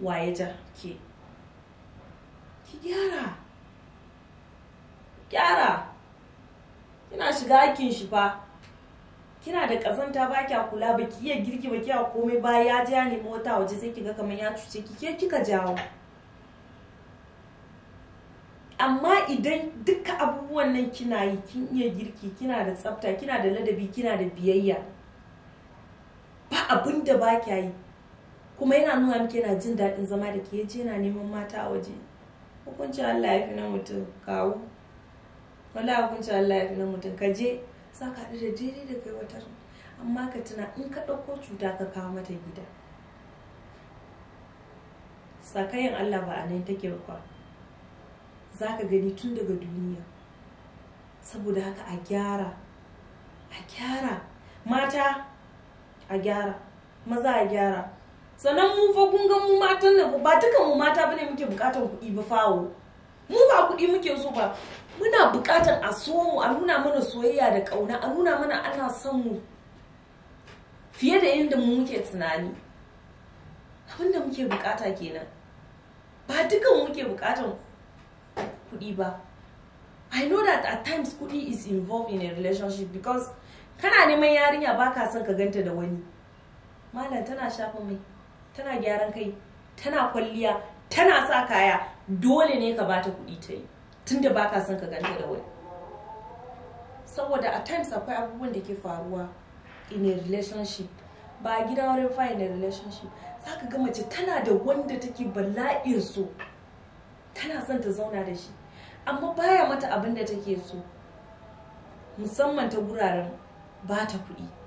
waye ta ke ki gyara gyara kina shiga aikin shi fa kina da kazanta ba kya kula ba ki iya girki ba kya komai ba ya ja ne mota waje sai kiga kamar ya cuce ki ke kika jawo amma idan duka abubuwan nan kina yi kin iya girki kina da tsafta kina da ladabi kina da biyayya ba abin da ba kya yi kuma yana nuna miki yana jin daɗin zama da ke je yana neman mata a waje hukuncin Allah ya fi na mutum kawo wala hukuncin Allah ya fi na mutum ka je za ka haɗu da daidai da kai wata amma ka tuna in ka ɗauko cuta ka kawo mata gida sakayin Allah ba a nan take ba za ka gani tun daga duniya saboda haka a gyara a gyara mata a gyara maza a gyara sannan mu fa kun ga mu matan nan ba duka mu mata bane muke bukatar kuɗi ba fawo mu ba kuɗi muke so ba muna bukatar a so mu a nuna mana soyayya da ƙauna a nuna mana ana son mu fiye da yadda mu muke tunani abinda muke bukata kenan ba mu muke bukatan kuɗi ba i know that at times kuɗi is involved in a relationship because kana neman yarinya ba ka son ka ganta da wani malam tana shafa mai tana gyaran kai tana kwalliya tana sa kaya dole ne ka bata kuɗi ta yi tunda baka son ka ganta da wani saboda a times akwai abubuwan da ke faruwa in a relationship ba gida wurin fa in a relationship ka ga mace tana da wanda take bala'in so tana son ta zauna da shi amma baya mata abin da take so musamman ta guraren ba ta kuɗi